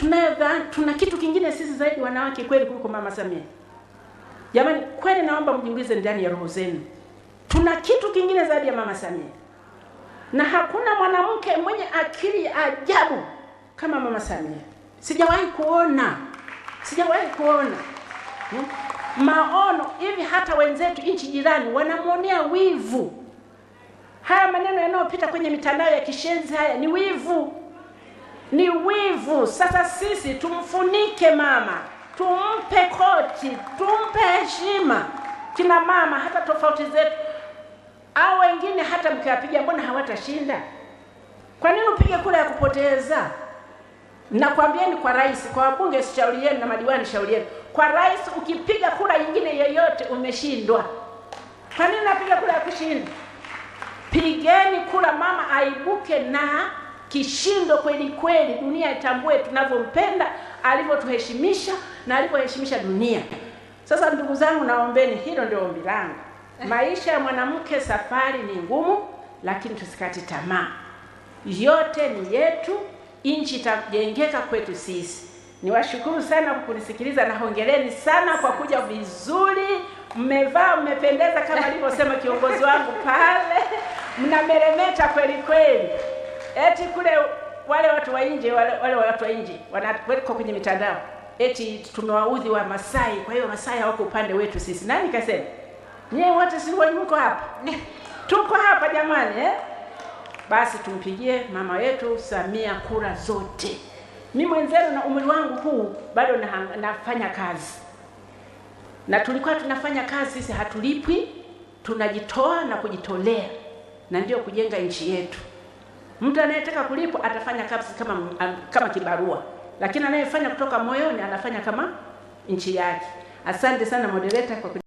tunayodhani tuna kitu kingine sisi zaidi wanawake kweli kuliko mama Samia. Jamani, kweli naomba mjiulize ndani ya roho zenu, tuna kitu kingine zaidi ya mama Samia, na hakuna mwanamke mwenye akili ya ajabu kama mama Samia. Sijawahi kuona, sijawahi kuona hmm? maono hivi. Hata wenzetu nchi jirani wanamwonea wivu. Haya maneno yanayopita kwenye mitandao ya kishenzi haya ni wivu ni wivu. Sasa sisi tumfunike mama, tumpe koti, tumpe heshima. Kina mama, hata tofauti zetu au wengine hata mkiwapiga, mbona hawatashinda? Kwa nini upige kura ya kupoteza? Nakwambieni kwa rais, kwa wabunge shauri yenu, na madiwani shauri yenu. Kwa rais ukipiga kura nyingine yoyote umeshindwa. Kwa nini napiga kura ya kushinda? Pigeni kura mama aibuke na kishindo kweli kweli, dunia itambue tunavyompenda, alivyotuheshimisha na alivyoheshimisha dunia. Sasa ndugu zangu, naombeni, hilo ndio ombi langu. Eh. Maisha ya mwanamke, safari ni ngumu, lakini tusikati tamaa. Yote ni yetu, nchi itajengeka kwetu sisi. Niwashukuru sana kwa kunisikiliza na hongereni sana kwa kuja vizuri. Mmevaa, mmependeza kama alivyosema kiongozi wangu pale, mnameremeta kweli kweli eti kule wale watu wa nje wale, wale watu wa nje wanawekwa kwenye mitandao eti tumewaudhi wa Masai, kwa hiyo Masai hawako upande wetu sisi. Nani kasema? Nyewe wote si hapa tuko hapa jamani eh? Basi tumpigie mama yetu Samia kura zote. Mi mwenzenu na umri wangu huu bado na, nafanya kazi na tulikuwa tunafanya kazi sisi, hatulipwi tunajitoa na kujitolea, na ndio kujenga nchi yetu. Mtu anayetaka kulipwa atafanya kazi kama, kama kibarua, lakini anayefanya kutoka moyoni anafanya kama nchi yake. Asante sana moderator kwa